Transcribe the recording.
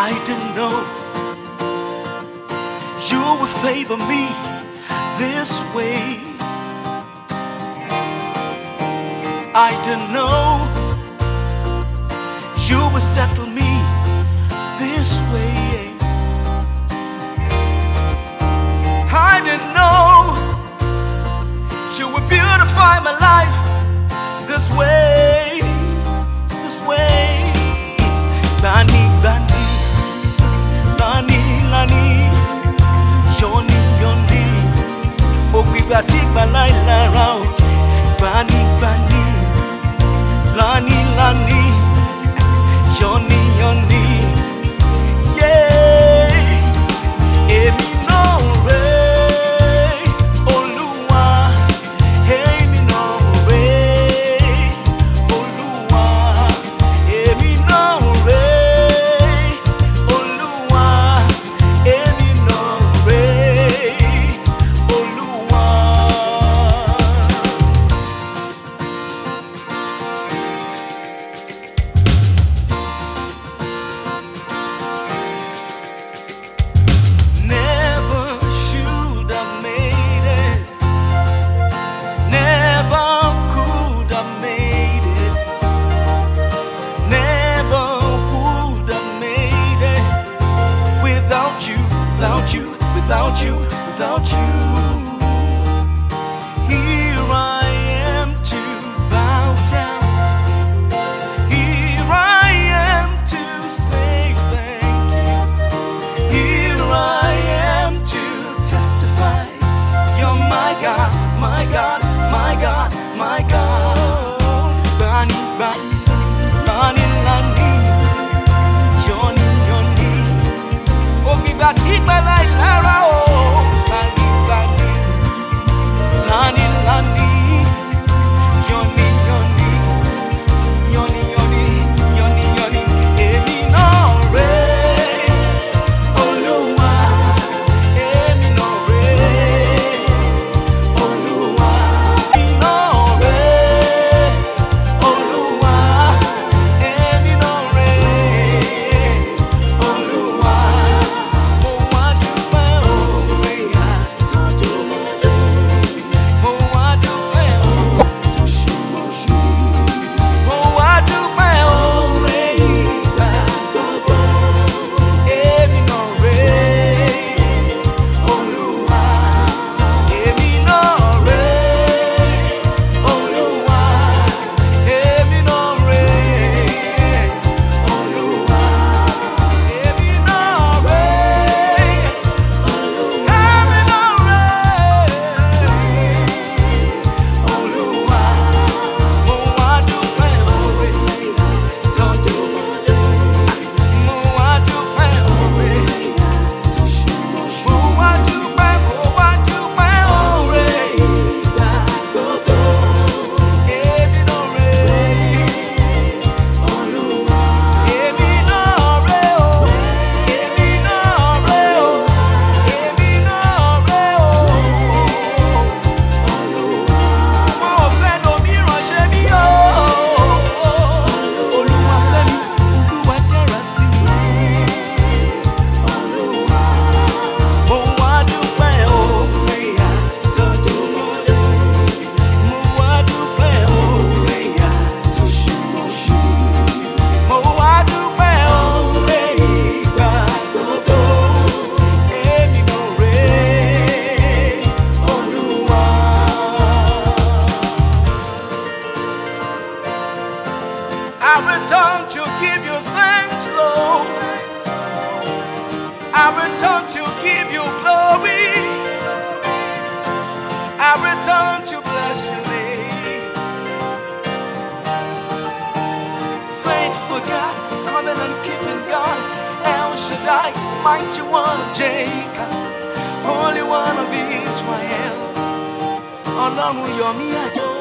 I didn't know you would favor me this way. I didn't know you would settle me this way. around. Bunny, bunny, Lonnie. I return to give you thanks, Lord. I return to give you glory. I return to bless your name. Faithful God, covenant keeping God, El Shaddai, mighty one of Jacob, holy one of Israel. Ọlọ́run yọ̀ my joy.